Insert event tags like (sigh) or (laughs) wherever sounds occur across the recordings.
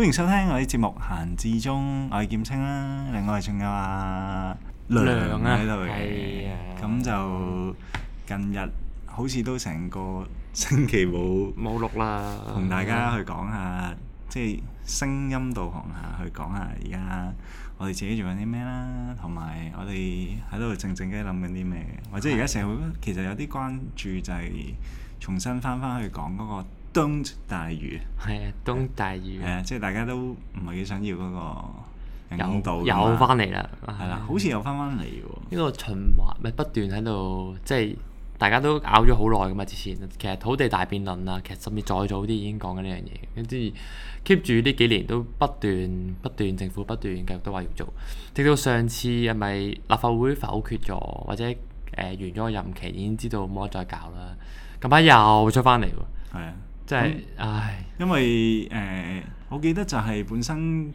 歡迎收聽我哋節目《閒至中》，我係劍青啦，另外仲有阿、啊、梁，梁啊喺度嘅，咁、啊、就近日好似都成個星期冇冇錄啦，同大家去講下，嗯、即係聲音導航去講下去講下而家我哋自己做緊啲咩啦，同埋我哋喺度靜靜嘅諗緊啲咩，或者而家社會其實有啲關注就係重新翻翻去講嗰、那個。明日大嶼，係啊，明日大嶼，係即係大家都唔係幾想要嗰個人工島又翻嚟啦，係啦，好似又翻翻嚟喎。呢個循環咪不斷喺度，即係大家都拗咗好耐㗎嘛。之前其實土地大辯論啊，其實甚至再早啲已經講緊呢樣嘢，跟住 keep 住呢幾年都不斷不斷政府不斷繼續都話要做，直到上次係咪立法會否決咗，或者誒、呃、完咗個任期已經知道冇得再搞啦。近排又出翻嚟喎，啊的。 (noise) (noise) 即係，唉、嗯，因為誒、呃，我記得就係本身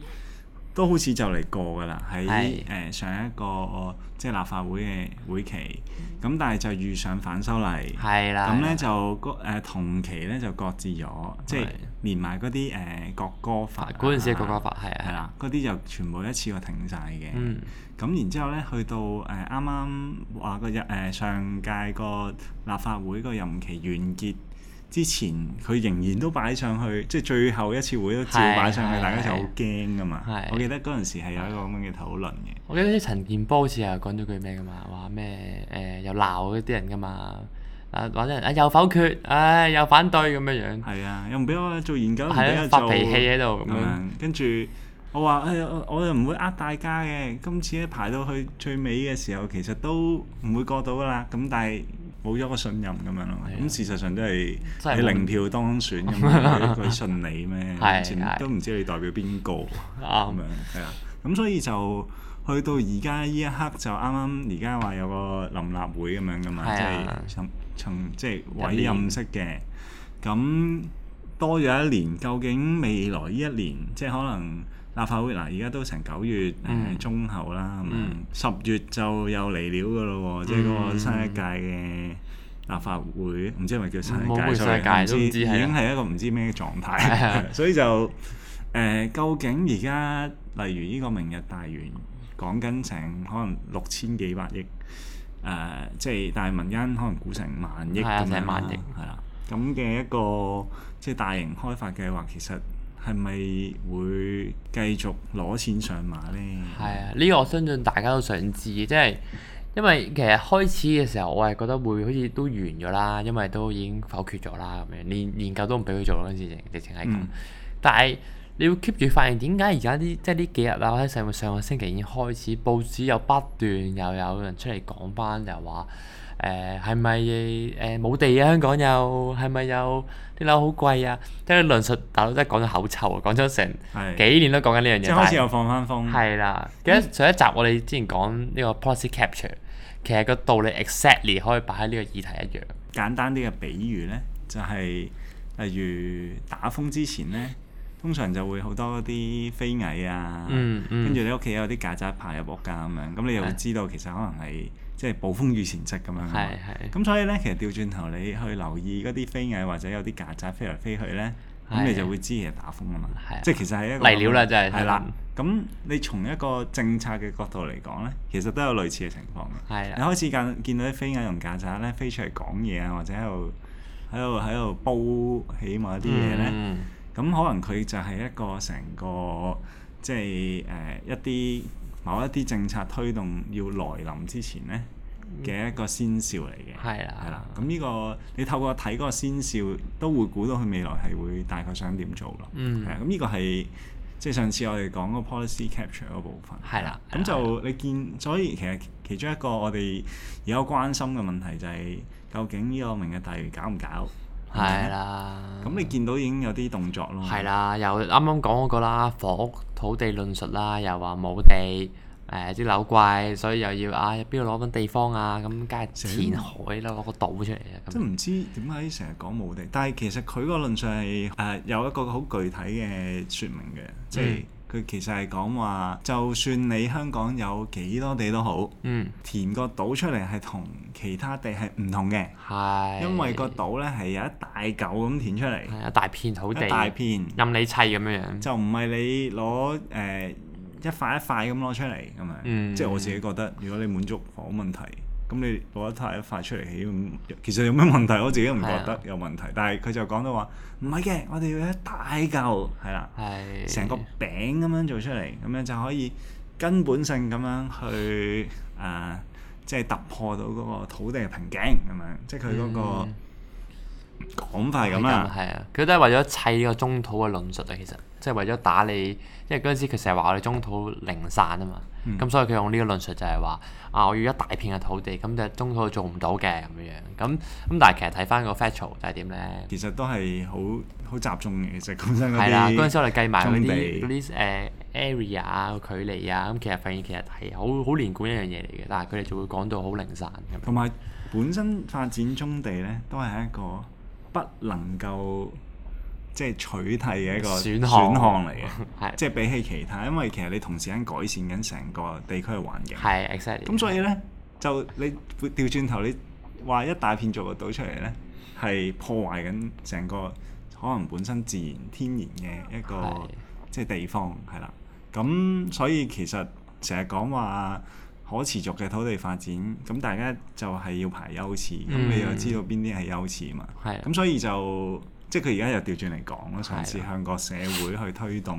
都好似就嚟過㗎啦，喺誒是的、呃、上一個、呃、即係立法會嘅會期，咁但係就遇上反修例，係啦是的、嗯，咁咧就個、呃、同期咧就擱置咗，即係連埋嗰啲誒國歌法，嗰陣時嘅國歌法係啊啦，嗰啲就全部一次過停晒嘅。嗯，咁、嗯、然之後咧，去到誒啱啱話個日誒上屆個立法會個任期完結。之前佢仍然都擺上去，即係最後一次會都照擺上去，是的 大家就好驚噶嘛。是的 我記得嗰陣時係有一個咁樣嘅討論嘅。是的 我記得啲陳健波好似係講咗句咩噶嘛，話咩誒又鬧嗰啲人噶嘛，啊或者啊又否決，唉、啊、又反對咁樣樣。係啊，又唔俾我做研究，唔俾的我做。發脾氣喺度咁樣，跟住我話誒、哎，我又唔會呃大家嘅。今次咧排到去最尾嘅時候，其實都唔會過到噶啦。咁但係。冇咗個信任咁的樣咯，咁事實上都係你零票當選咁樣，佢信你咩？以前 (laughs) 的都唔知你代表邊個，咁 (laughs) 樣係啊。咁所以就去到而家呢一刻就啱啱而家話有個臨立會咁樣噶嘛，即係從從即係委任式嘅。咁的多咗一年，究竟未來呢一年即係可能？立法會嗱，而家都成九月誒，中後啦，十月就又嚟了㗎咯喎，即係嗰個新一屆嘅立法會，唔知係咪叫新一屆都唔知，已經係一個唔知咩狀態。所以就誒，究竟而家例如呢個明日大嶼講緊成可能六千幾百億誒，即係但係民間可能估成萬億咁樣啦，係啊，咁嘅一個即係大型開發計劃，其實～係咪會繼續攞錢上馬呢？係啊！呢、呢個我相信大家都想知，即係因為其實開始嘅時候，我係覺得會好似都完咗啦，因為都已經否決咗啦咁樣，連研究都唔俾佢做啦。嗰陣時直情係咁，嗯、但係你要 keep 住發現點解而家啲即係呢幾日啊？喺上上個星期已經開始，報紙又不斷又有人出嚟講翻，又話，誒係咪誒冇地啊？香港又係咪有啲樓好貴啊？即係論述，大佬真係講咗口臭啊！講咗成幾年都講緊呢樣嘢，即係好似又放翻風。係但啦，記得、嗯、上一集我哋之前講呢個 policy capture，其實個道理 exactly 可以擺喺呢個議題一樣。簡單啲嘅比喻呢、就是，就係例如打風之前呢，通常就會好多啲飛蟻啊，跟住、嗯嗯、你屋企有啲曱甴爬入屋㗎咁樣，咁你又會知道其實可能係。即係暴風雨前夕咁樣，係係。咁所以咧，其實掉轉頭你去留意嗰啲飛蟻或者有啲曱甴飛嚟飛去咧，咁是你就會知係打風啊嘛。係的。即係其實係一個。嚟料啦，就係、是。係啦的。咁你從一個政策嘅角度嚟講咧，其實都有類似嘅情況嘅。係啊的。你開始見見到啲飛蟻用曱甴咧飛出嚟講嘢啊，或者喺度喺度喺度煲起某一啲嘢咧，咁、嗯、可能佢就係一個成個即係誒、呃、一啲。某一啲政策推動要來臨之前呢嘅一個先兆嚟嘅，係啦、um，係啦。咁呢個你透過睇嗰個先兆，都會估到佢未來係會大概想點做咯。嗯，係啊。咁呢個係即係上次我哋講個 policy capture 嗰部分，係啦。咁就你見，所以其實其中一個我哋而家關心嘅問題就係，究竟呢個明日大嶼搞唔搞？係啦、okay？咁你見到已經有啲動作咯。係啦，又啱啱講嗰個啦，房屋土地論述啦，又話冇地。誒啲樓貴，所以又要啊邊度攞翻地方啊？咁梗係填海啦，攞個島出嚟啊！即唔知點解成日講無地，但係其實佢個論述係誒、呃、有一個好具體嘅説明嘅，嗯、即係佢其實係講話，就算你香港有幾多地都好，嗯，填個島出嚟係同其他地係唔同嘅，係是因為個島呢係有一大嚿咁填出嚟，係一大片土地，大片，任你砌咁樣樣，就唔係你攞誒。呃一塊一塊咁攞出嚟，咁啊、嗯，即係我自己覺得，如果你滿足房屋問題，咁你攞一塊一塊出嚟起，其實有咩問題？我自己唔覺得有問題，啊、但係佢就講到話，唔係嘅，我哋要一大嚿，係啦，係、成個餅咁樣做出嚟，咁樣就可以根本性咁樣去誒，即、呃、係、就係、突破到嗰個土地嘅瓶頸咁樣，即係佢嗰個。嗯講法係咁啊，係啊，佢都係為咗砌呢個中土嘅論述啊，其實即係為咗打你，因為嗰陣時佢成日話我哋中土零散啊嘛，咁、嗯、所以佢用呢個論述就係話啊，我要一大片嘅土地，咁就中土做唔到嘅咁樣樣，咁咁但係其實睇翻個 factor 就係點咧？其實都係好好集中嘅，其實本身嗰啲，係啦，嗰陣時我哋計埋嗰啲啲誒 area 啊、距離啊，咁其實發現其實係好好連貫一樣嘢嚟嘅，但係佢哋就會講到好零散同埋這樣 本身發展中地咧，都係一個。不能夠即係取替嘅一個選項嚟嘅，即係比起其他，因為其實你同時間改善緊成個地區嘅環境。係，exactly。咁所以呢，就你調轉頭，你話一大片做個島出嚟呢，係破壞緊成個可能本身自然天然嘅一個是即係地方係啦。咁所以其實成日講話可持續嘅土地發展，咁大家就係要排優次，咁、嗯、你又知道邊啲係優次嘛？係。咁所以就即係佢而家又調轉嚟講咯，嘗試向個社會去推動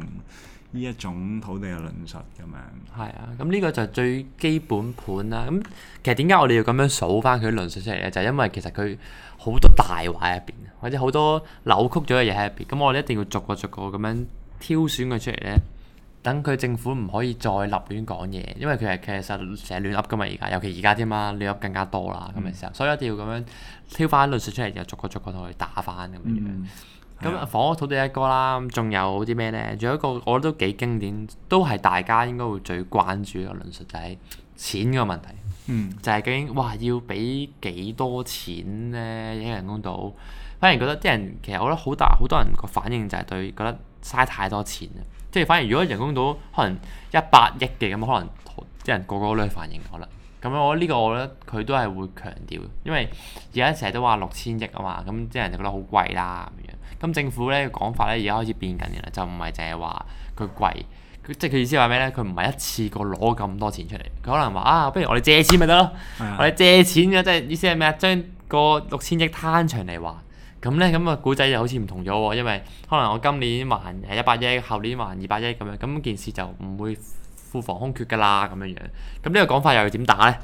呢一種土地嘅論述咁樣。係啊，咁呢個就最基本盤啦。咁其實點解我哋要咁樣數翻佢啲論述出嚟咧？就係、是、因為其實佢好多大話入邊，或者好多扭曲咗嘅嘢喺入邊。咁我哋一定要逐個逐個咁樣挑選佢出嚟咧。等佢政府唔可以再立亂講嘢，因為佢係其實成日亂噏㗎嘛，而家，尤其而家添啊，亂噏更加多啦咁嘅時候，所以一定要咁樣挑翻論述出嚟，然後逐個逐個同佢打翻咁、嗯、樣。咁房屋土地一個啦，仲有啲咩咧？仲有一個我覺得都幾經典，都係大家應該會最關注嘅論述就係、是、錢嘅問題。嗯、就係究竟哇要俾幾多錢咧？影響人工島，反而覺得啲人其實我覺得好大好多人個反應就係對覺得。嘥太多錢啊！即係反而如果人工到可能一百億嘅咁，可能即係人個個都去反映。可能。咁樣我覺得呢個我覺得佢都係會強調，因為而家成日都話六千億啊嘛，咁即係人哋覺得好貴啦咁樣。咁政府咧嘅講法咧，而家開始變緊嘅啦，就唔係淨係話佢貴，即係佢意思話咩咧？佢唔係一次過攞咁多錢出嚟，佢可能話啊，不如我哋借錢咪得咯， (laughs) 我哋借錢嘅即係意思係咩啊？將個六千億攤長嚟還。咁咧，咁啊，古仔又好似唔同咗喎、哦。因為可能我今年還誒一百億，後年還二百億咁樣，咁件事就唔會付防空缺噶啦。咁樣樣，咁呢個講法又要點打咧？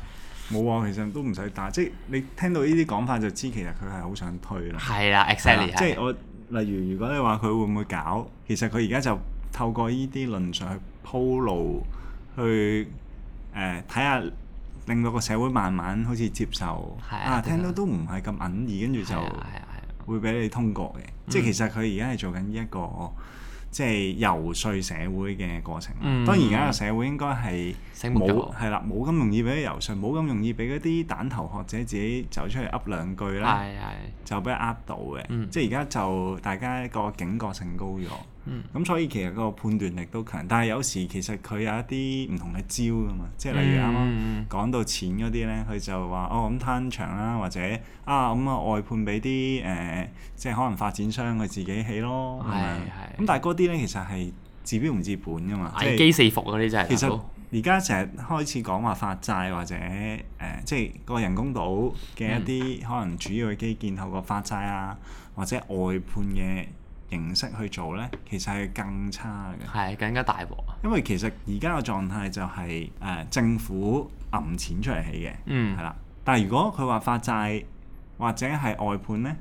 冇啊，其實都唔使打，即係你聽到呢啲講法就知其實佢係好想推啦。係啦，exactly，即係我例如如果你話佢會唔會搞，其實佢而家就透過呢啲論上去鋪路去，去誒睇下令到個社會慢慢好似接受啊，聽到都唔係咁韌耳，跟住就。會俾你通過嘅，嗯、即係其實佢而家係做緊一個即係、即係、遊説社會嘅過程。嗯、當然而家個社會應該係冇係啦，冇咁容易俾佢遊説，冇咁容易俾嗰啲蛋頭學者自己走出去噏兩句啦，的就俾佢噏到嘅。的即係而家就大家個警覺性高咗。嗯嗯，咁所以其實個判斷力都強，但係有時其實佢有一啲唔同嘅招㗎嘛，即係例如啱啱講到錢嗰啲咧，佢就話哦，咁攤場啦，或者啊咁啊外判俾啲誒，即係可能發展商佢自己起咯，係咁唉唉 但係嗰啲咧其實係治標唔治本㗎嘛，即係危機四伏嗰啲就係。其實而家成日開始講話發債或者誒、呃，即係個人工島嘅一啲可能主要嘅基建後個發債啊，或者外判嘅。形式去做呢，其實係更差嘅。係更加大鑊。因為其實而家嘅狀態就係、是、誒、呃、政府揞錢出嚟起嘅，係啦、嗯。但係如果佢話發債或者係外判呢，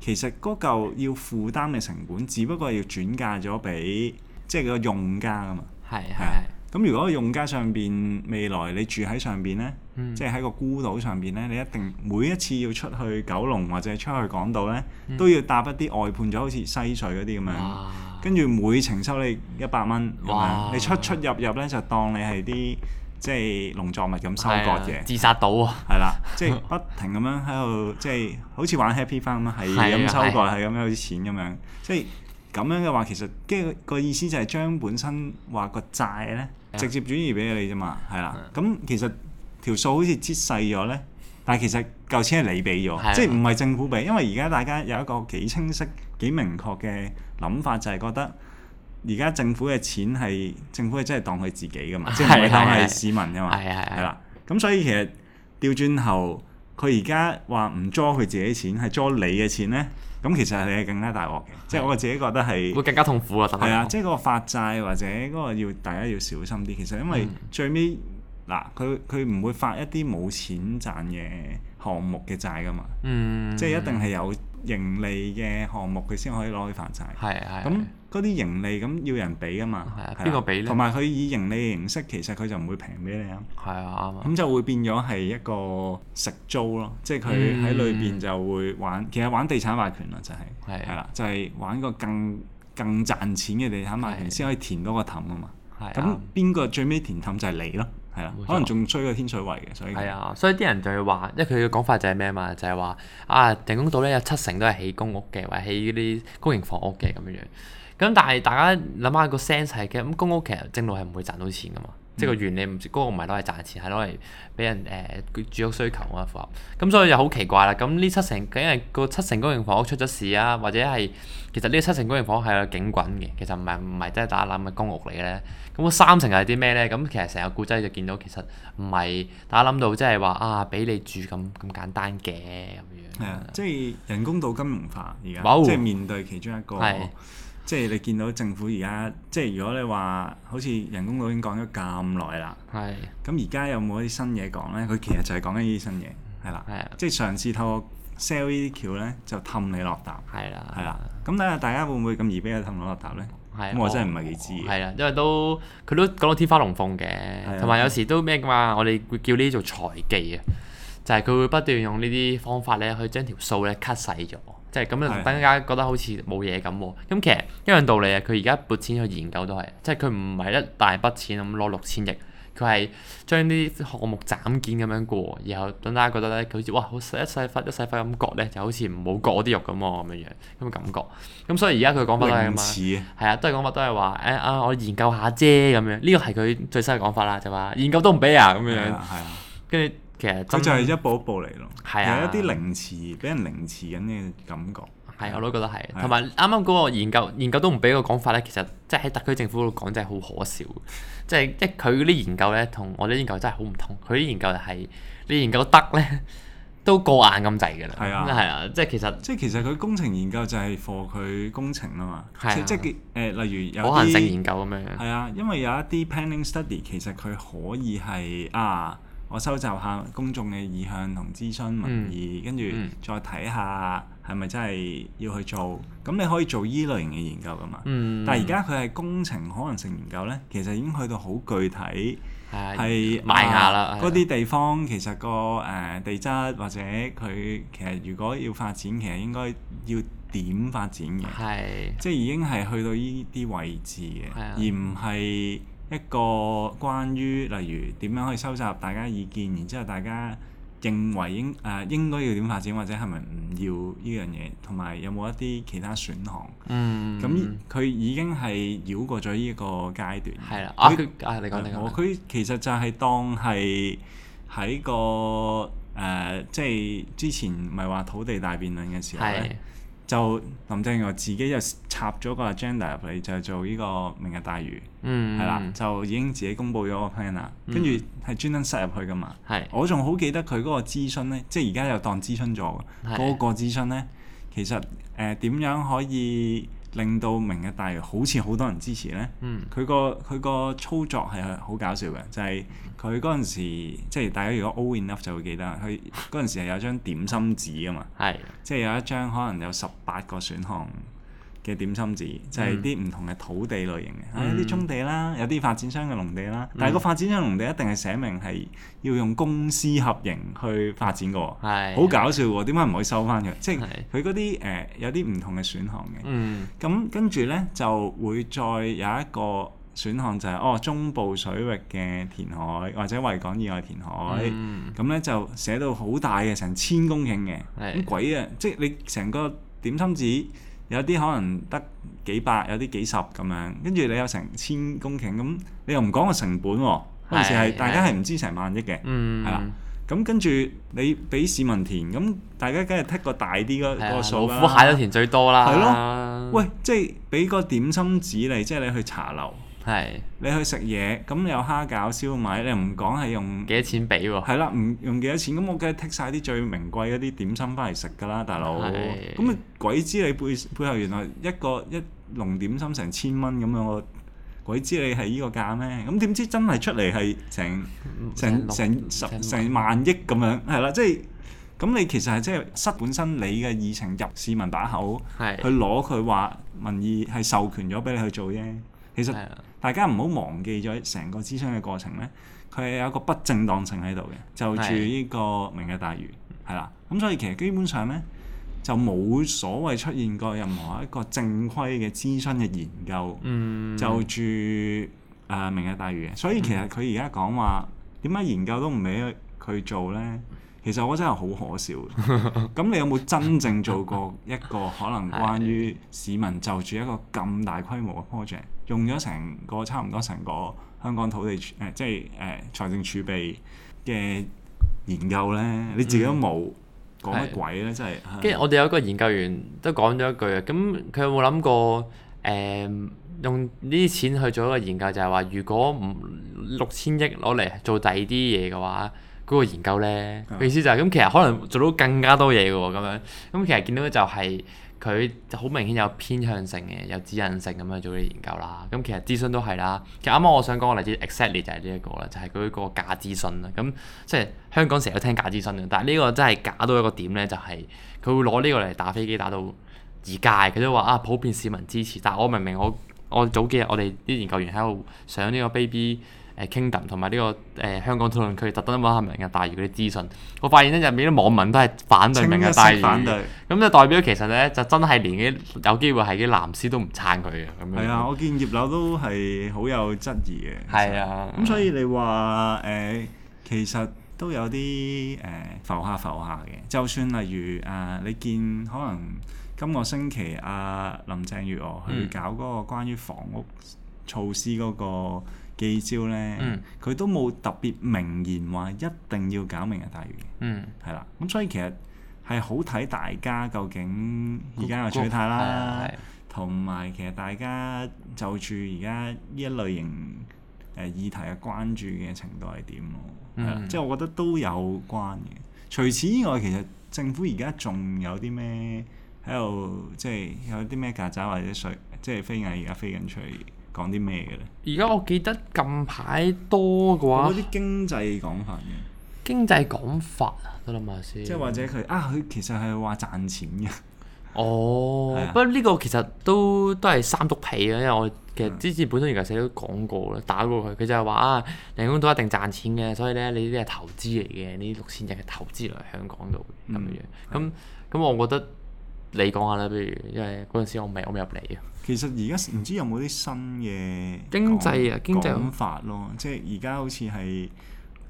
其實嗰嚿要負擔嘅成本，只不過係要轉嫁咗俾即係個用家啊嘛。係係的。的咁如果用家上邊未來你住喺上邊呢，即係喺個孤島上邊呢，你一定每一次要出去九龍或者出去港島呢，都要搭一啲外判咗，好似西隧嗰啲咁樣，跟住每程收你一百蚊，你出出入入呢，就當你係啲即係農作物咁收割嘅自殺島啊，係啦，即係不停咁樣喺度，即係好似玩 Happy Fun 咁，係咁收割，係咁收錢咁樣，即係咁樣嘅話，其實嘅個意思就係將本身話個債呢。直接轉移俾你啫嘛，係啦。咁的、嗯、其實條數好似擠細咗咧，但係其實嚿錢係你俾咗，的即係唔係政府俾？因為而家大家有一個幾清晰、幾明確嘅諗法，就係、是、覺得而家政府嘅錢係政府係真係當佢自己噶嘛，的即係唔係當係市民噶嘛。係啊係啦，咁所以其實調轉後。佢而家話唔 draw 喎，佢自己錢，係 draw 你嘅錢呢？咁其實你係更加大鑊嘅，的即係我自己覺得係會更加痛苦啊！係啊的，即係嗰個發債或者嗰個要大家要小心啲，其實因為最尾嗱，佢佢唔會發一啲冇錢賺嘅項目嘅債噶嘛，嗯、即係一定係有盈利嘅項目，佢先可以攞去發債。係啊，係啊。嗰啲盈利咁要人俾噶嘛？係啊，邊個俾咧？同埋佢以盈利形式，其實佢就唔會平俾你啊。係啊，啱啊。咁就會變咗係一個食租咯，即係佢喺裏邊就會玩，其實玩地產物權啦，就係係啦，就係玩個更更賺錢嘅地產物權先可以填嗰個氹啊嘛。係。咁邊個最尾填氹就係你咯？係啊，可能仲吹過天水圍嘅，所以係啊，所以啲人就係話，因為佢嘅講法就係咩嘛？就係話啊，定公島咧，有七成都係起公屋嘅，或者起嗰啲公營房屋嘅咁樣樣。咁但係大家諗下、個 sense 係嘅咁公屋其實正路係唔會賺到錢噶嘛，嗯、即係個原理唔，公屋唔係攞嚟賺錢，係攞嚟俾人誒、呃、住屋需求啊符合。咁所以就好奇怪啦。咁呢七成，梗係個七成公營房屋出咗事啊，或者係其實呢七成公營房屋係警滾嘅，其實唔係唔係真係大家諗嘅公屋嚟嘅咧。咁三成係啲咩咧？咁其實成個故仔就見到其實唔係大家諗到即係話啊俾你住咁咁簡單嘅咁樣。係啊，即係人工到金融化而家，哦、即係面對其中一個。即係你見到政府而家，即係如果你話好似人工島已經講咗咁耐啦，係是的。咁而家有冇啲新嘢講咧？佢其實就係講緊呢啲新嘢，係啦。係啊。即係嘗試透過 sell 呢啲橋咧，就氹你落搭。係啦。係啦。咁睇下大家會唔會咁易俾佢氹你落搭咧？是的 我真係唔係幾知。係啦，因為都佢都講到天花龍鳳嘅，同埋是的 有，有時都咩噶嘛，我哋會叫呢啲做財技啊。就係佢會不斷用呢啲方法咧，去將條數咧 cut 細咗，即係咁樣等大家覺得好似冇嘢咁。咁其實一樣道理啊，佢而家撥錢去研究都係，即係佢唔係一大筆錢咁攞六千億，佢係將啲項目斬件咁樣過，然後等大家覺得咧，好似哇好一細忽一細忽咁割咧，就好似唔好割嗰啲肉咁喎咁樣、啊、樣，咁嘅感覺。咁、嗯、所以而家佢講法都係嘛，係、哎、啊，都係講法都係話誒啊，我研究下啫咁樣。呢個係佢最新嘅講法啦，就話、是、研究都唔俾啊咁樣樣，跟住。其實就係一步一步嚟咯，其實、啊、一啲凌遲俾人凌遲緊嘅感覺。係、啊，我都覺得係。同埋啱啱嗰個研究，研究都唔俾個講法咧。其實即係喺特區政府度講，真係好可笑。 (laughs) 就是、即係即係佢啲研究咧，同我啲研究真係好唔同。佢啲研究就係、是、你研究得咧，都過眼咁滯㗎啦。係啊，係啊，啊，即係其實即係其實佢工程研究就係 for 佢工程啊嘛。係、啊、即係誒、呃，例如有可行性研究咁樣。係啊，因為有一啲 planning study 其實佢可以係啊。我收集下公眾嘅意向同諮詢民意，跟住再睇下係咪真係要去做。咁你可以做依類型嘅研究㗎嘛？但係而家佢係工程可能性研究呢，其實已經去到好具體，係買下啦。嗰啲地方其實個誒地質或者佢其實如果要發展，其實應該要點發展嘅，即係已經係去到呢啲位置嘅，而唔係。一個關於例如點樣可以收集大家意見，然之後大家認為應誒、呃、應該要點發展，或者係咪唔要呢樣嘢，同埋有冇一啲其他選項？嗯，咁佢已經係繞過咗呢個階段。係啦、嗯它，啊你講你講，佢它、啊、其實就係當係喺個誒，即、呃、係、就是、之前唔係話土地大辯論嘅時候咧。就林鄭月娥自己又插咗個 agenda 入嚟，就做呢個明日大嶼，係啦、嗯，就已經自己公布咗個 plan 啦。跟住係專登塞入去噶嘛。係、嗯，我仲好記得佢嗰個諮詢咧，即係而家又當諮詢咗。個、嗰個諮詢咧，其實誒點、呃、樣可以？令到明日大嶼，好似好多人支持咧。佢個佢個操作係好搞笑嘅，就係佢嗰陣時，即係大家如果 old enough 就會記得，佢嗰陣時係有張點心紙啊嘛，係，即係有一張可能有十八個選項。嘅點心紙就係啲唔同嘅土地類型嘅，有啲棕地啦，有啲發展商嘅農地啦，但係個發展商農地一定係寫明係要用公私合營去發展嘅喎，好搞笑喎，點解唔可以收翻佢？即係佢嗰啲誒有啲唔同嘅選項嘅，嗯，咁跟住咧就會再有一個選項就係哦中部水域嘅填海或者維港以外填海，咁咧就寫到好大嘅成千公頃嘅，咁鬼啊！即係你成個點心紙。有啲可能得幾百，有啲幾十咁樣，跟住你有成千公頃，咁你又唔講個成本、啊，當時係大家係唔知成萬億嘅，嗯，係啦。咁跟住你俾市民填，咁大家梗係剔個大啲嗰的個數啦。老虎蟹都填最多啦。係咯的，啊、喂，即係俾個點心紙你，即係你去茶樓。係，是你去食嘢咁，有蝦餃、燒賣，你唔講係用幾多錢俾喎？係啦，唔用幾多錢咁，我梗係剔晒啲最名貴嗰啲點心翻嚟食㗎啦，大佬。咁啊鬼知你背背後原來一個一籠點心成千蚊咁樣，我鬼知你係呢個價咩？咁點知真係出嚟係成成成，成，成十成萬億咁樣？係啦，即係咁你其實係即係失本身你嘅議程入市民把口，是去攞佢話民意係授權咗俾你去做啫。其實。大家唔好忘記咗成個諮詢嘅過程咧，佢係有一個不正當性喺度嘅，就住呢個明日大嶼，係啦的。咁所以其實基本上咧，就冇所謂出現過任何一個正規嘅諮詢嘅研究，嗯、就住誒、呃、明日大嶼。所以其實佢而家講話點解研究都唔俾佢做咧？其實我真係好可笑，咁 (laughs) 你有冇真正做過一個可能關於市民就住一個咁大規模嘅 project，用咗成個差唔多成個香港土地誒、呃，即係誒、呃、財政儲備嘅研究呢？你自己都冇講乜鬼呢？真係、嗯。跟住的 (laughs) 我哋有一個研究員都講咗一句啊，咁佢有冇諗過誒、呃、用呢啲錢去做一個研究，就係、是、話如果唔六千億攞嚟做第二啲嘢嘅話？嗰個研究咧，嗯、意思就係、是、咁，其實可能做到更加多嘢嘅喎，咁樣，咁其實見到就係佢就好明顯有偏向性嘅，有指引性咁去做啲研究啦。咁其實諮詢都係啦，其實啱啱我想講個例子，exactly 就係呢一個啦，就係佢嗰個假諮詢啦。咁即係香港成日都聽假諮詢嘅，但係呢個真係假到一個點咧，就係佢會攞呢個嚟打飛機打到而家，佢都話啊普遍市民支持，但係我明明我我早幾日我哋啲研究員喺度想呢個 baby。Kingdom 同埋呢個誒、呃、香港討論區特登揾下明日大嶼啲資訊，我發現咧入面啲網民都係反對明日大嶼，咁就、嗯、代表其實咧就真係連啲有機會係啲藍絲都唔撐佢嘅。咁樣。係啊，我見葉劉都係好有質疑嘅。係啊，咁所以你話誒、呃，其實都有啲誒、呃、浮下浮下嘅。就算例如啊、呃，你見可能今個星期阿、啊、林鄭月娥去搞嗰個關於房屋措施嗰、那個。嗯嗯記招咧，佢、嗯、都冇特別明言話一定要搞明日大嶼，嗯，係啦。咁所以其實係好睇大家究竟而家嘅取態啦，同埋、嗯嗯、其實大家就住而家呢一類型誒、呃、議題嘅關注嘅程度係點咯。係啦。即係我覺得都有關嘅。除此以外，其實政府而家仲有啲咩喺度？即係有啲咩曱甴或者水，即係飛蟻而家飛緊出嚟。講啲咩嘅咧？而家我記得近排多嘅話，嗰啲經濟講法嘅。經濟講法諗諗下啊，得啦嘛先。即係或者佢啊，佢其實係話賺錢嘅。哦，不過呢個其實都都係三幅被嘅，因為我其實之前本身而家寫都講過啦，嗯、打過佢，佢就係話啊，人工島都一定賺錢嘅，所以咧你呢啲係投資嚟嘅，呢啲六千億係投資嚟香港度嘅咁樣樣。咁咁、啊，我覺得。你講下啦，不如因為嗰陣時我未我未入嚟啊。其實而家唔知有冇啲新嘅經濟啊經濟啊法咯，即係而家好似係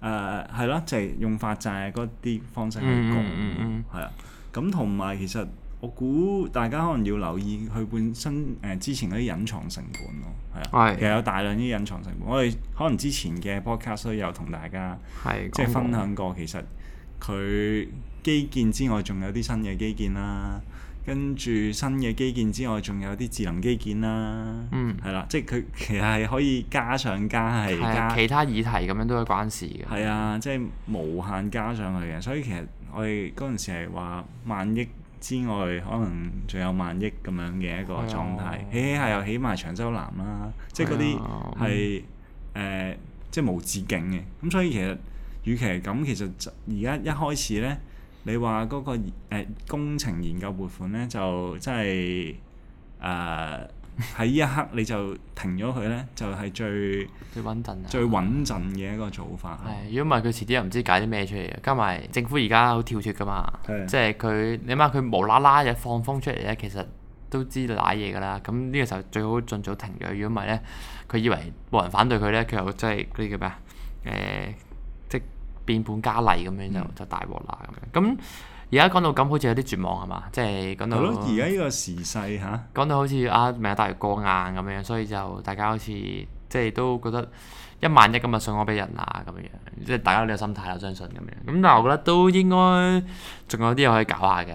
誒係咯，就係、係、用發債嗰啲方式去供係啊。咁同埋其實我估大家可能要留意佢本身誒之前嗰啲隱藏成本咯，係啊，的其實有大量啲隱藏成本。我哋可能之前嘅 podcast 都有同大家即係的分享過，其實佢基建之外仲有啲新嘅基建啦。跟住新嘅基建之外，仲有啲智能基建啦，嗯，係啦，即係佢其實係可以加上加係加其他議題咁樣都係關事嘅。係啊，即係無限加上去嘅，所以其實我哋嗰陣時係話萬億之外，可能仲有萬億咁樣嘅一個狀態，起起下又起埋長洲南啦，哎、呀即係嗰啲係誒即係無止境嘅。咁所以其實與其係咁，其實而家一開始咧。你話嗰、那個、呃、工程研究撥款咧，就真係誒喺呢一刻你就停咗佢咧，就係、是、最 (laughs) 最穩陣、最穩陣嘅一個做法。係、哎，如果唔係佢遲啲又唔知解啲咩出嚟啊！加埋政府而家好跳脫噶嘛，的即係佢你諗下，佢無啦啦又放風出嚟咧，其實都知瀨嘢噶啦。咁呢個時候最好盡早停咗，如果唔係咧，佢以為冇人反對佢咧，佢又真係嗰啲叫咩啊？誒、呃。變本加厲咁樣，就就大鑊啦咁樣。咁而家講到咁，好似有啲絕望係嘛？即係講到而家呢個時勢嚇。講到好似啊，咩啊，例如過硬咁樣，所以就大家好似即係都覺得一萬一咁嘅信號俾人啊咁樣，即係大家都有心態我相信咁樣。咁但我覺得都應該仲有啲嘢可以搞下嘅。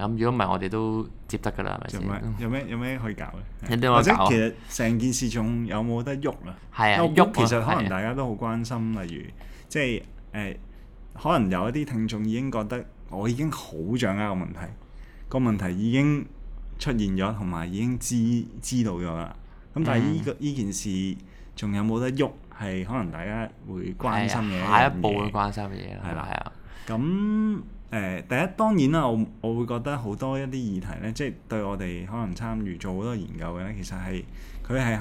咁如果唔係，我哋都接得㗎啦，係咪有咩 (laughs) 有咩可以搞咧？搞或者其實成件事仲有冇得喐啦？係啊，喐我其實可能大家都好關心，例如即係。誒，可能有一啲聽眾已經覺得我已經好掌握個問題，個問題已經出現咗，同埋已經知知道咗啦。咁但係、這、呢個依、嗯、件事仲有冇得喐？係可能大家會關心嘅下一步會關心嘅嘢啦。係啦，係啊。咁誒，第一當然啦，我我會覺得好多一啲議題咧，即係對我哋可能參與做好多研究嘅咧，其實係佢係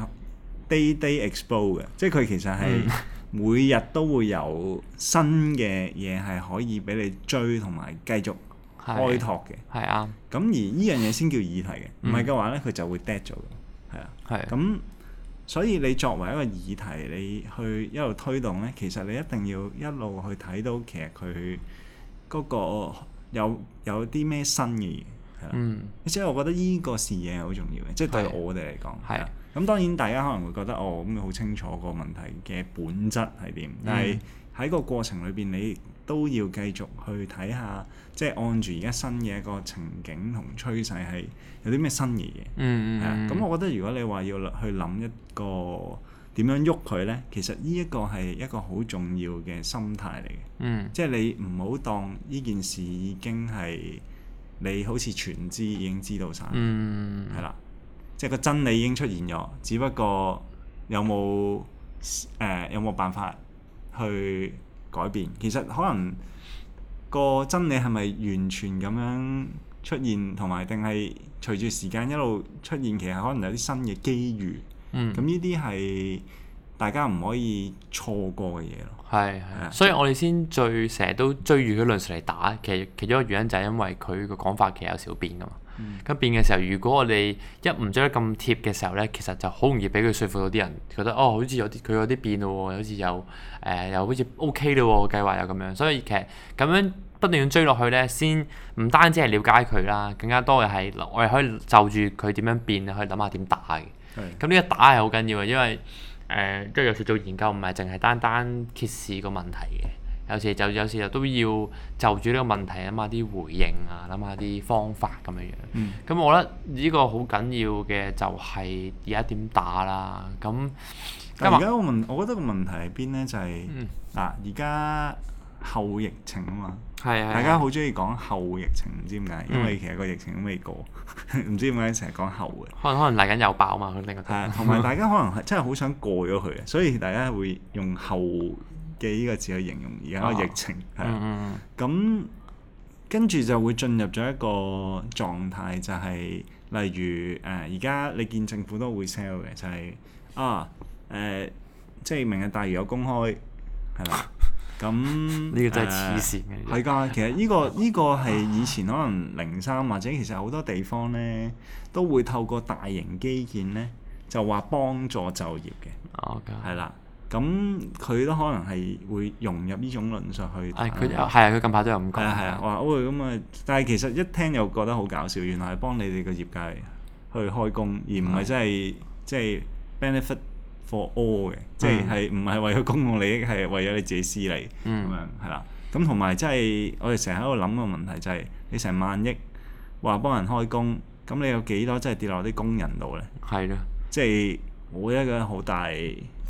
Day Day Expo 嘅，即係佢其實係。嗯每日都會有新嘅嘢係可以俾你追同埋繼續開拓嘅，係啊的。咁而呢樣嘢先叫議題嘅，唔係嘅話咧，佢就會 dead 咗。係啊，係的。咁所以你作為一個議題，你去一路推動咧，其實你一定要一路去睇到其實佢嗰個有有啲咩新嘅嘢。嗯。即係我覺得呢個視野係好重要嘅，即係的對我哋嚟講係啊。咁當然大家可能會覺得哦，咁佢好清楚個問題嘅本質係點，但係喺個過程裏邊，你都要繼續去睇下，即係按住而家新嘅一個情景同趨勢係有啲咩新嘅嘢。嗯嗯。咁我覺得如果你話要去諗一個點樣喐佢咧，其實呢一個係一個好重要嘅心態嚟嘅。嗯。即係你唔好當呢件事已經係你好似全知已經知道晒。嗯嗯。係啦。即係個真理已經出現咗，只不過有冇誒有冇、呃、辦法去改變？其實可能個真理係咪完全咁樣出現，同埋定係隨住時間一路出現？其實可能有啲新嘅機遇。嗯，咁呢啲係大家唔可以錯過嘅嘢咯。係係、嗯，嗯、所以我哋先最成日都追住嗰輪時嚟打。其其中一個原因就係因為佢個講法其實有少變噶嘛。咁、嗯、變嘅時候，如果我哋一唔追得咁貼嘅時候咧，其實就好容易俾佢説服到啲人，覺得哦，好似有啲佢有啲變嘞喎，好似有誒、呃，又好似 O K 嘞喎，計劃又咁樣。所以其實咁樣不斷追落去咧，先唔單止係了解佢啦，更加多嘅係我哋可以就住佢點樣變，去諗下點打嘅。咁呢是的 個打係好緊要嘅，因為誒，即係有時做研究唔係淨係單單揭示個問題嘅。有時就有時又都要就住呢個問題啊嘛，啲回應啊，諗下啲方法咁樣樣。咁、嗯嗯、我覺得呢個好緊要嘅就係而家點打啦。咁而家我問，我覺得個問題係邊呢？就係、是、嗱，而家、嗯、後疫情啊嘛，的大家好中意講後疫情，唔知點解？嗯、因為其實個疫情都未過，唔 (laughs) 知點解成日講後嘅。可能可能嚟緊又爆啊嘛，佢哋個。係啊，同埋大家可能係真係好想過咗佢 (laughs) 所以大家會用後嘅呢個字去形容而家個疫情係咁，跟住就會進入咗一個狀態，就係、是、例如誒，而、呃、家你見政府都會 sell 嘅，就係、是、啊誒、呃，即係明日大嶼有公開係嘛？咁呢 (laughs) 樣 (laughs) 個真係痴線嘅，係㗎、呃。其實呢、這個呢、這個係以前可能零三或者其實好多地方咧都會透過大型基建咧就話幫助就業嘅，係啦 (laughs) Okay.。咁佢都可能係會融入呢種論述去、哎。係佢又係啊！佢近排都有咁講。係啊係啊，話喂咁啊！哦、但係其實一聽又覺得好搞笑，原來係幫你哋個業界去開工，而唔係真係即係 benefit for all 嘅，即係係唔係為咗公共利益，係為咗你自己私利咁、嗯、樣係啦。咁同埋即係我哋成日喺度諗個問題就係、是、你成萬億話幫人開工，咁你有幾多真係跌落啲工人度咧？係囉、嗯，即係我一個好大。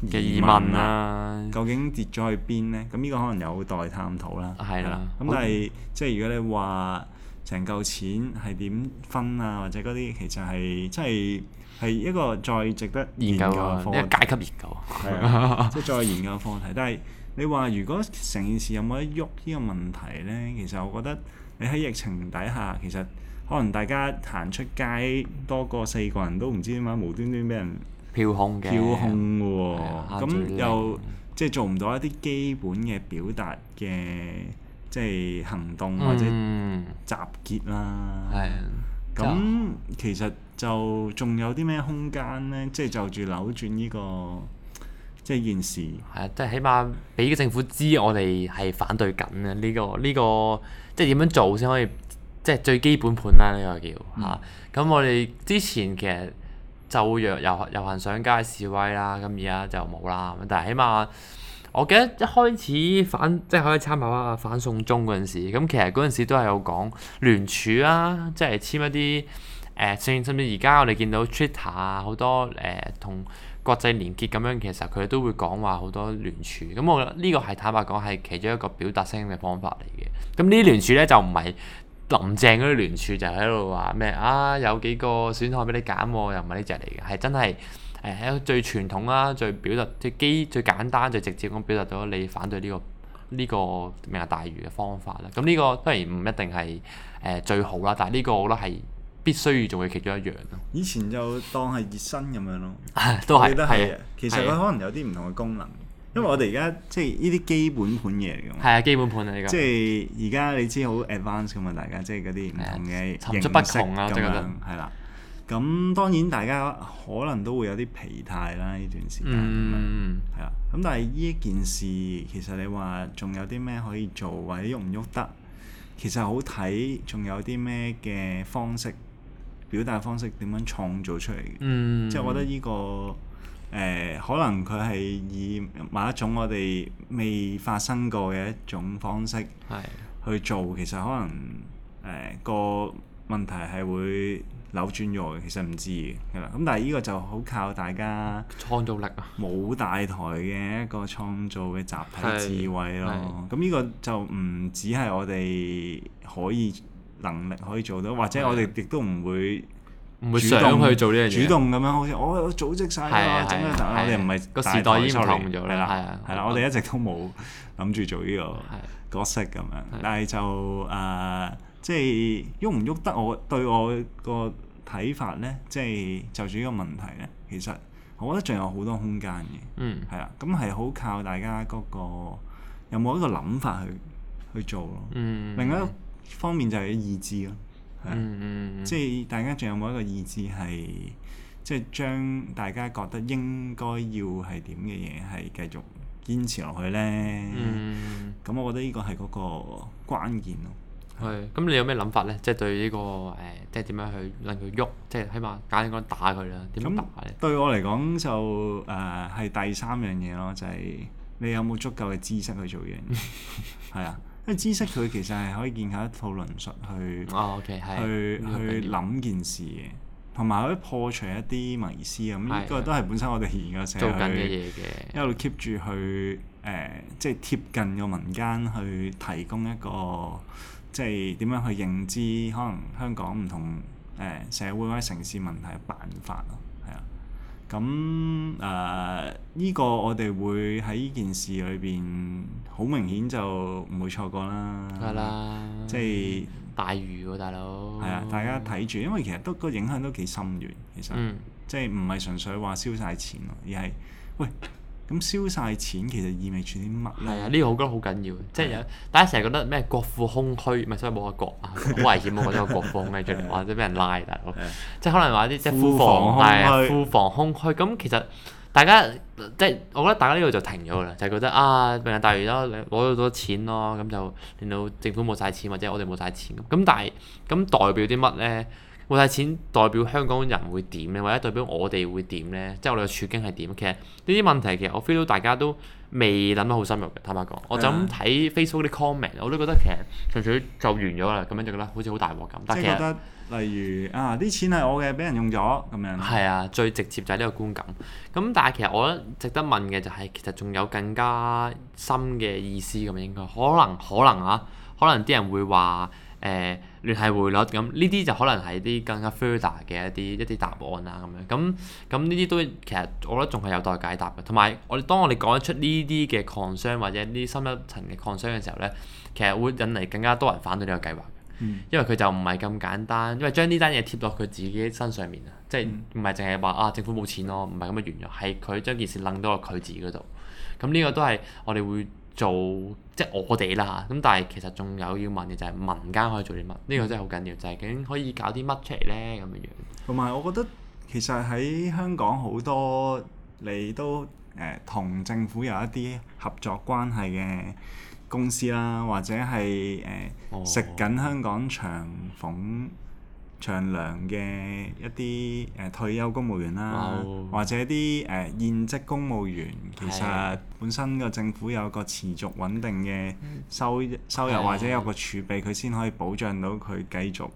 嘅疑問啊，究竟跌咗去邊咧？咁呢個可能有待探討啦。係啦。咁但係即係如果你話成嚿錢係點分啊，或者嗰啲，其實係即係係一個再值得研究嘅課題研究啊，一階級研究啊，嗯、 (laughs) 即係再研究嘅課題。但係你話如果成件事有冇得喐呢個問題咧？其實我覺得你喺疫情底下，其實可能大家行出街多過四個人都唔知點解無端端俾人票控嘅票控喎，咁又即係做唔到一啲基本嘅表達嘅，即、就、係、是、行動或者集結啦。係，咁其實就仲有啲咩空間咧？即係就住、是、扭轉呢、這個即係現時。係、就是、啊，即、就、係、是、起碼俾政府知我哋係反對緊嘅呢個呢個，即係點樣做先可以即係、就是、最基本判啦、啊？呢、這個叫嚇。咁、嗯啊、我哋之前其實。就約遊遊行上街示威啦，咁而家就冇啦。但係起碼我記得一開始反即係可以參考啊反送中嗰陣時，咁其實嗰陣時都係有講聯署啊，即係簽一啲誒，甚甚至而家我哋見到 Twitter 啊好多誒、呃、同國際連結咁樣，其實佢都會講話好多聯署。咁我覺得呢個係坦白講係其中一個表達聲音嘅方法嚟嘅。咁呢啲聯署咧就唔係。林鄭嗰啲聯署就喺度話咩啊？有幾個選項俾你揀喎，又唔係呢隻嚟嘅，係真係誒喺最傳統啦、最表達最基最簡單最直接咁表達到你反對呢、呢個呢、呢個咩啊大嶼嘅方法啦。咁呢個當然唔一定係誒、呃、最好啦，但係呢個我覺得係必須要做嘅其中一,一樣咯。以前就當係熱身咁樣咯，都係都係，的其實佢可能有啲唔同嘅功能。因為我哋而家即係呢啲基本盤嘢嚟㗎嘛，係啊，基本盤嚟、啊、㗎。即係而家你知好 advanced 㗎嘛，大家即係嗰啲唔同嘅形式不同啊，咁樣係啦。咁、嗯、當然大家可能都會有啲疲態啦，呢段時間。嗯。係啦。咁但係呢件事，其實你話仲有啲咩可以做，或者喐唔喐得，其實好睇仲有啲咩嘅方式，表達方式點樣創造出嚟嘅。嗯。即係我覺得呢、呢個。誒、呃、可能佢係以某一種我哋未發生過嘅一種方式去做，是的 其實可能誒、呃、個問題係會扭轉咗，其實唔知嘅啦。咁但係呢個就好靠大家創造力啊！冇大台嘅一個創造嘅集體智慧咯。咁呢個就唔止係我哋可以能力可以做到，或者我哋亦都唔會。唔會主動去做呢樣嘢，主動咁樣好似我我組織曬啦，點解但係我哋唔係個時代已經錯咗你啦，係啦，我哋一直都冇諗住做呢個角色咁樣，但係就誒即係喐唔喐得？我對我個睇法咧，即係就住呢個問題咧，其實我覺得仲有好多空間嘅，係啦，咁係好靠大家嗰個有冇一個諗法去去做咯，另一方面就係意志咯。啊、嗯，嗯即係大家仲有冇一個意志係，即、就、係、是、將大家覺得應該要係點嘅嘢係繼續堅持落去咧？咁、嗯、我覺得呢個係嗰個關鍵咯。係、嗯，咁是你有咩諗法咧？即係對呢、這個誒、呃，即係點樣去令佢喐？即係起碼簡單講打佢啦，點打咧？對我嚟講就誒、是、係、呃、第三樣嘢咯，就係、是、你有冇足夠嘅知識去做嘢？係啊、嗯。 (laughs) (laughs) 因為知識佢其實係可以建立一套論述去，哦、okay, 去對去諗件事嘅，同埋對可以破除一啲迷思啊！咁呢對個都係本身我哋研究社做緊嘅嘢嘅，一路 keep 住去誒，即、呃、係、就是、貼近個民間去提供一個，即係點樣去認知可能香港唔同誒社會或者城市問題嘅辦法咯。咁誒，依、呃呢個我哋會喺呢件事裏邊，好明顯就唔會錯過啦。係啦，即係、即係、大魚喎，大佬。係啊，大家睇住，因為其實都個影響都幾深遠，其實，即係唔係純粹話燒晒錢，而係會。喂咁燒晒錢其實意味住啲乜？係啊，呢個我覺得好緊要，即係有大家成日覺得咩國庫空虛，咪所以冇個國啊，好危險冇個國庫咩住嚟，或者俾人拉大佬，的即係可能話啲即係庫房空虛，庫房空虛。咁其實大家即係我覺得大家呢度就停咗啦，嗯、就係覺得啊，明日大嶼而家攞咗好多錢咯，咁就令到政府冇晒錢或者、就是、我哋冇晒錢咁。咁但係咁代表啲乜咧？冇曬錢代表香港人會點咧，或者代表我哋會點咧？即係我哋嘅處境係點？其實呢啲問題其實我 feel 到大家都未諗得好深入嘅，坦白講。的我就咁睇 Facebook 啲 comment，我都覺得其實純粹就完咗啦，咁樣就覺得，好似好大鑊咁。即係覺得，例如啊，啲錢係我嘅，俾人用咗咁樣。係啊，最直接就係呢個觀感。咁但係其實我覺得值得問嘅就係、是、其實仲有更加深嘅意思，咁樣應該可能可能啊，可能啲人會話誒。呃聯繫匯率，咁呢啲就可能係啲更加 further 嘅一啲一啲答案啦，咁樣，咁咁呢啲都其實我覺得仲係有待解答嘅。同埋我哋當我哋講得出呢啲嘅擴商，或者呢啲深一層嘅擴商嘅時候咧，其實會引嚟更加多人反對呢個計劃。嗯、因為佢就唔係咁簡單，因為將呢單嘢貼落佢自己身上面、就是、啊，即係唔係淨係話啊政府冇錢咯，唔係咁嘅原因，係佢將件事擸到佢自己嗰度。咁呢個都係我哋會做。即係我哋啦，咁但係其實仲有要問嘅就係民間可以做啲乜？呢個真係好緊要，就係究竟可以搞啲乜出嚟呢？咁嘅樣。同埋我覺得其實喺香港好多你都誒同政府有一啲合作關係嘅公司啦，或者係誒、呃哦、食緊香港長俸。長糧嘅一啲誒、呃、退休公務員啦，Wow. 或者啲誒、呃、現職公務員，其實、啊、的本身個政府有個持續穩定嘅收、嗯、收入，或者有個儲備，佢先的可以保障到佢繼續誒、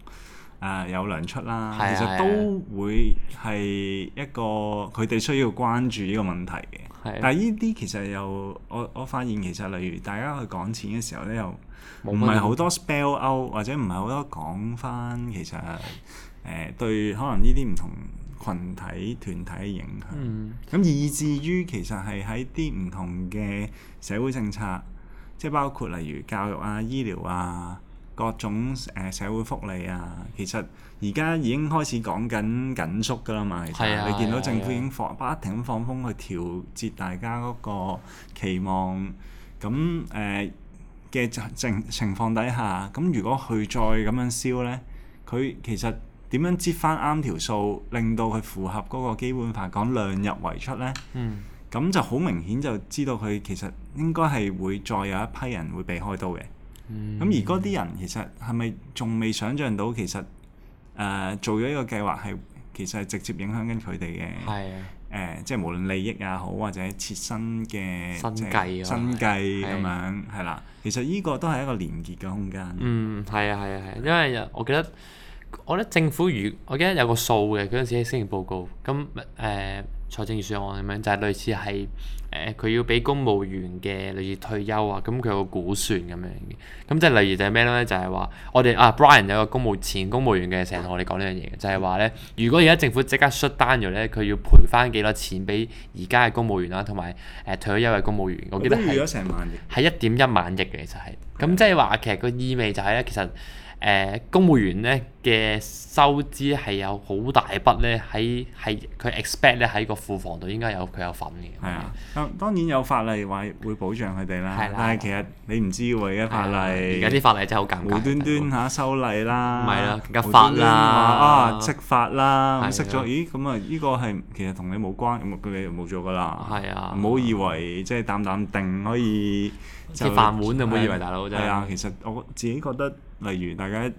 呃、有糧出啦。的其實都會係一個佢哋需要關注呢個問題嘅。的但係呢啲其實又我我發現，其實例如大家去講錢嘅時候咧，又唔係好多 spell out，或者唔係好多講返，其實誒、呃、對可能呢啲唔同羣體團體嘅影響，咁、嗯、以至於其實係喺啲唔同嘅社會政策，即係包括例如教育啊、醫療啊各種誒、呃、社會福利啊，其實而家已經開始講緊緊縮㗎喇嘛，其實你、啊、你見到政府已經放不、啊啊、停放風去調節大家嗰個期望，咁、嗯、誒。呃嘅情情況底下，咁如果佢再咁樣燒呢，佢其實點樣折翻啱條數，令到佢符合嗰個基本法講量入為出呢？嗯，咁就好明顯就知道佢其實應該係會再有一批人會被開刀嘅。嗯，咁而嗰啲人其實係咪仲未想象到其實誒、呃、做咗呢個計劃係其實係直接影響緊佢哋嘅？係啊。誒、呃，即係無論利益也好，或者切身嘅生計啊，生計咁樣係啦的。其實呢個都係一個連結嘅空間。嗯，係啊，係啊，係啊，因為我記得我覺得政府與我記得有個數嘅嗰陣時喺施政報告咁誒。財政預算案咁樣就係、是、類似係誒佢要俾公務員嘅類似退休啊，咁、嗯、佢個估算咁樣嘅，咁即係例如就係咩咧？就係、是、話我哋啊 Brian 有個公務前公務員嘅成日同我哋講呢樣嘢，就係話咧，如果而家政府即刻 shut down 咗咧，佢要賠翻幾多錢俾而家嘅公務員啦、啊，同埋誒退咗休嘅公務員。我記得係。係一點一萬億嘅，其實係。咁即係話其實個意味就係、是、咧，其實。誒公務員咧嘅收支係有好大筆咧，喺係佢 expect 咧喺個庫房度應該有佢有份嘅。係啊，咁當然有法例話會保障佢哋啦。係啦。但係其實你唔知嘅喎，而家法例而家啲法例真係好簡單。無端端吓修例啦，唔係啊，違法啦啊，執法啦。咁識咗，咦咁啊？呢個係其實同你冇關，咁佢哋冇咗㗎啦。係啊。唔好以為即係淡淡定可以。食飯碗就唔好以為大佬啫。係啊，其實我自己覺得。例如大家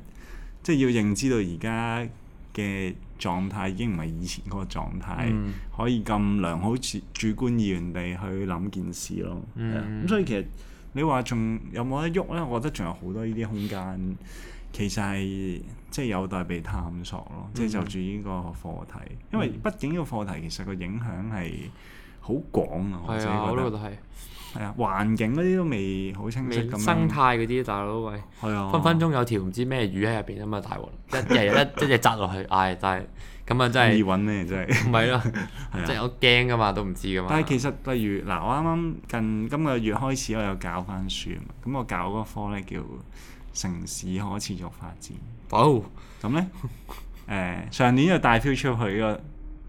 即係要認知到而家嘅狀態已經唔係以前嗰個狀態，嗯、可以咁良好主主觀意願地去諗件事咯。咁、嗯嗯、所以其實你話仲有冇得喐咧？我覺得仲有好多呢啲空間，其實係即係有待被探索咯。嗯、即係就住呢個課題，因為畢竟呢個課題其實個影響係好廣、嗯、啊。我覺得係。係啊，環境嗰啲都未好清晰，咁生態嗰啲大佬喂，係啊，分分鐘有條唔知咩魚喺入邊啊嘛，大鑊！一日日一一隻擲落去唉，但係，咁啊真係易揾咩真係？唔係咯，即係我驚噶嘛，都唔知噶嘛。但係其實例如嗱，我啱啱近今個月開始，我有教翻書嘛。咁我教嗰科咧叫城市可持續發展。哦，咁咧誒，上年就帶 Future 去個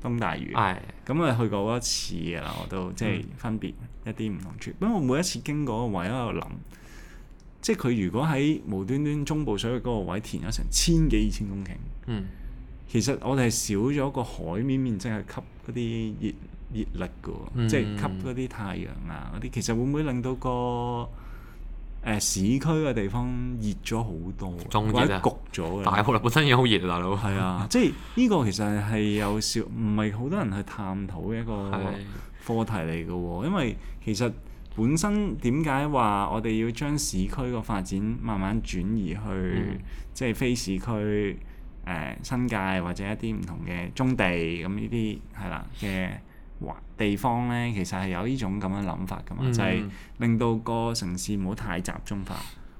東大嶼，係咁啊，去過好多次㗎啦，我都即係分別一啲唔同處，不過每一次經過個位，喺度諗，即係佢如果喺無端端中部水域嗰個位填咗成千幾二千公頃，嗯、其實我哋係少咗個海面面積去吸嗰啲熱熱力嘅，嗯、即係吸嗰啲太陽啊嗰啲，其實會唔會令到個誒、呃、市區嘅地方熱咗好多？仲要、啊、焗咗嘅，大埔嚟本身已經好熱，大佬。係啊， (laughs) 即係呢個其實係有少唔係好多人去探討嘅一,一個。的課題嚟㗎喎，因為其實本身點解話我哋要將市區個發展慢慢轉移去，嗯、即係非市區誒、呃、新界或者一啲唔同嘅棕地咁呢啲係啦嘅地方咧，其實係有呢種咁嘅諗法㗎嘛，嗯、就係令到個城市唔好太集中化，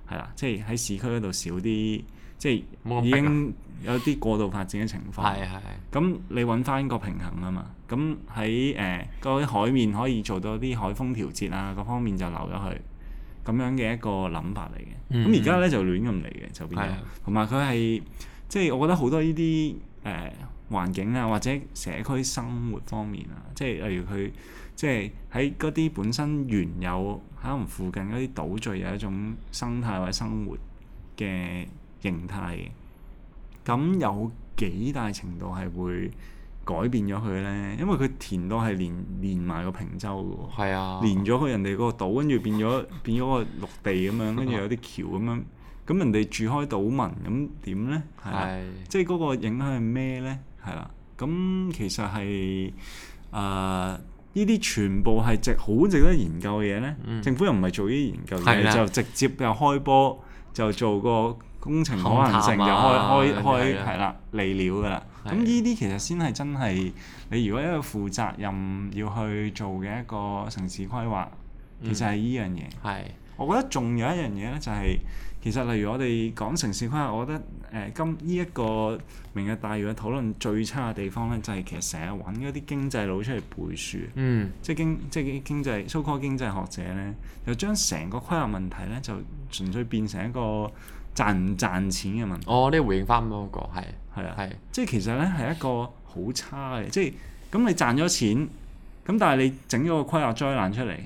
係啦，即係喺市區嗰度少啲。即係已經有啲過度發展嘅情況，係，係咁你揾翻個平衡啊嘛。咁喺誒啲海面可以做到啲海風調節啊，各方面就留咗去咁樣嘅一個諗法嚟嘅。咁而家咧就亂咁嚟嘅，就變咗，同埋佢係即係我覺得好多呢啲誒環境啊，或者社區生活方面啊，即係例如佢即係喺嗰啲本身原有可能附近嗰啲島嶼有一種生態或者生活嘅。形態嘅，咁有幾大程度係會改變咗佢咧？因為佢填到係連連埋個坪洲噶喎，是啊，連咗去人哋個島，跟住變咗 (laughs) 變咗個陸地咁樣，跟住有啲橋咁樣，咁人哋住開島民，咁點咧？係、啊，是啊、即係嗰個影響係咩咧？係啦、啊，咁其實係誒呢啲全部係值好值得研究嘅嘢咧。嗯、政府又唔係做呢啲研究嘅，嘢嗎，就直接又開波就做個。工程可能性就、啊、開開開係啦，嚟料㗎啦。咁呢啲其實先係真係你如果一個負責任要去做嘅一個城市規劃，嗯、其實係呢樣嘢。係的，我覺得仲有一樣嘢咧，就係其實例如我哋講城市規劃，我覺得誒、呃、今呢一個明日大嶼嘅討論最差嘅地方咧，就係、是、其實成日揾嗰啲經濟佬出嚟背書，嗯即，即經即啲經濟 super 經濟學者咧，就將成個規劃問題咧，就純粹變成一個，賺唔賺錢嘅問題？哦，你、這個、回應翻嗰個係係啊，係是即係其實咧係一個好差嘅，即係咁你賺咗錢，咁但係你整咗個規劃災難出嚟，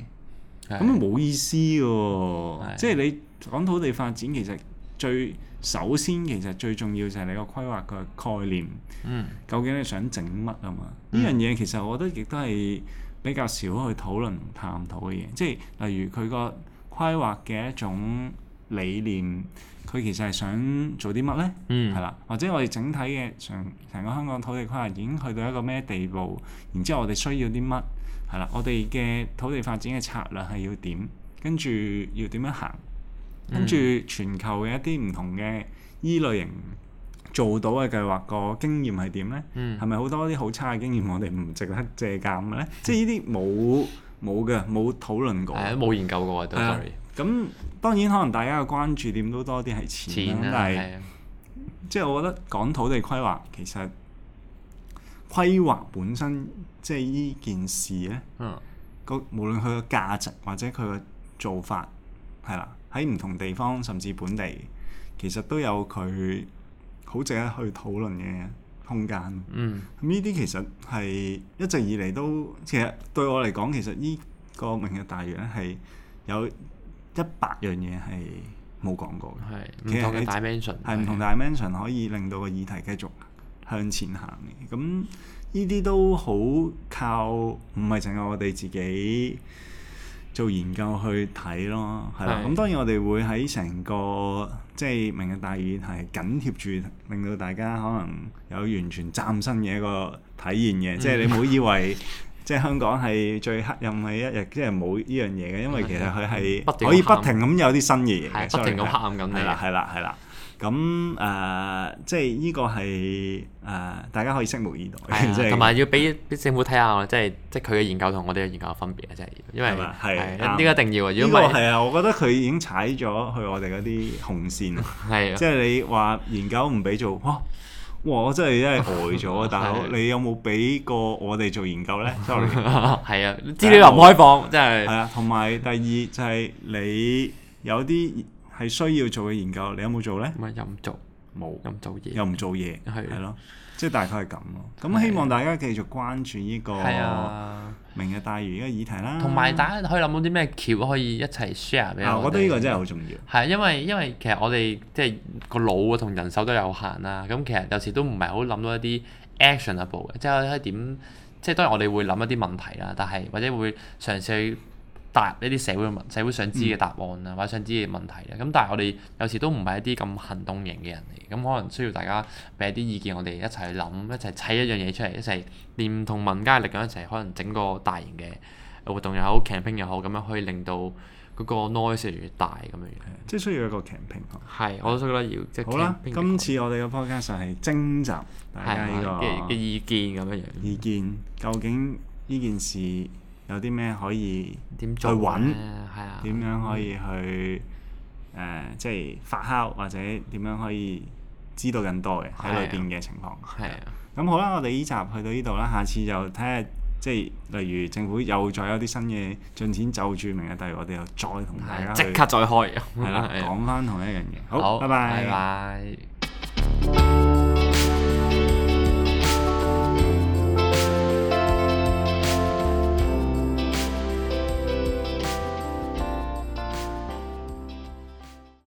咁冇是意思嘅、哦，是即係你講土地發展其實最首先其實最重要就係你個規劃嘅概念，嗯，究竟你想整乜啊嘛？呢、嗯、樣嘢其實我覺得亦都係比較少去討論探討嘅嘢，即係例如佢個規劃嘅一種。理念，佢其實係想做啲乜咧？係啦、嗯，或者我哋整體嘅成成個香港土地規劃已經去到一個咩地步？然之後我哋需要啲乜？係啦，我哋嘅土地發展嘅策略係要點？跟住要點樣行？嗯、跟住全球嘅一啲唔同嘅呢類型做到嘅計劃個經驗係點咧？係咪好多啲好差嘅經驗我哋唔值得借鑑嘅咧？嗯、即係呢啲冇冇嘅冇討論過，冇、嗯、研究過。啊咁當然，可能大家嘅關注點都多啲係錢啦，但係即係我覺得講土地規劃其實規劃本身即係依件事咧個、嗯、無論佢個價值或者佢個做法係啦，喺唔同地方甚至本地其實都有佢好值得去討論嘅空間。嗯，咁呢啲其實係一直以嚟都其實對我嚟講，其實呢個明日大願咧係有一百樣嘢係冇講過嘅，係唔是同 dimension，係唔同 dimension 可以令到個議題繼續向前行嘅。咁呢啲都好靠，唔係淨係我哋自己做研究去睇咯，係啦。咁當然我哋會喺成個即係、就是、明日大嶼議題緊貼住，令到大家可能有完全嶄新嘅一個體驗嘅。即係、嗯、你唔好以為。 (laughs) 即係香港係最黑暗嘅一日，即係冇呢樣嘢嘅。因為其實佢係可以不停咁有啲新嘢嘅，不停咁黑暗咁。係啦，係啦，係啦。咁誒，即係呢個係誒，大家可以拭目以待。同埋要俾俾政府睇下，即係即係佢嘅研究同我哋嘅研究有分別啊！即係，因為係呢個一定要。如果唔係，呢個係啊，我覺得佢已經踩咗去我哋嗰啲紅線。係，即係你話研究唔俾做，哇我真係真係呆咗啊！大佬， (laughs) 對你有冇俾過我哋做研究咧？sorry，係啊 (laughs) 對，資料又唔開放，真係係啊。同埋第二就係你有啲係需要做嘅研究，你有冇做咧？咁啊，又唔做，冇有，又唔做嘢，又唔做嘢，係係咯，即係對、就是、大概係咁咯。咁希望大家繼續關注呢、這個。是的 (laughs) 明嘅，但係如個議題啦，同埋大家可以諗到啲咩橋可以一齊 share 俾我哋，啊。我覺得呢個真係好重要。係啊，因為因為其實我哋即係個腦啊同人手都有限啦，咁其實有時都唔係好諗到一啲 actionable 嘅，即係點，即係當然我哋會諗一啲問題啦，但係或者會嘗試。答一啲社會問社會想知嘅答案啦，嗯、或者想知嘅問題咧。咁但係我哋有時都唔係一啲咁行動型嘅人嚟，咁可能需要大家俾一啲意見，我哋一齊去諗，一齊砌一樣嘢出嚟，一齊連同民間嘅力量一齊，可能整個大型嘅活動又好，campaign 又好，咁樣可以令到嗰個 noise 越嚟越大咁樣。係，即係需要一個 campaign。係，我都覺得要。好啦，aign，今次我哋嘅 podcast 係徵集大家嘅嘅意見咁樣樣。是意見究竟呢件事？有啲咩可以去揾找？點、啊、樣可以去誒、嗯呃？即係發酵，或者點樣可以知道更多嘅喺裏邊嘅情況？係啊，咁、啊、好啦，我哋呢集去到呢度啦。下次就睇下，即係例如政府又再有啲新嘅進展就住明嘅，第二我哋又再同大家即、啊、刻再開係啦，講翻、啊啊、同一樣嘢。好，拜好，拜拜。拜拜。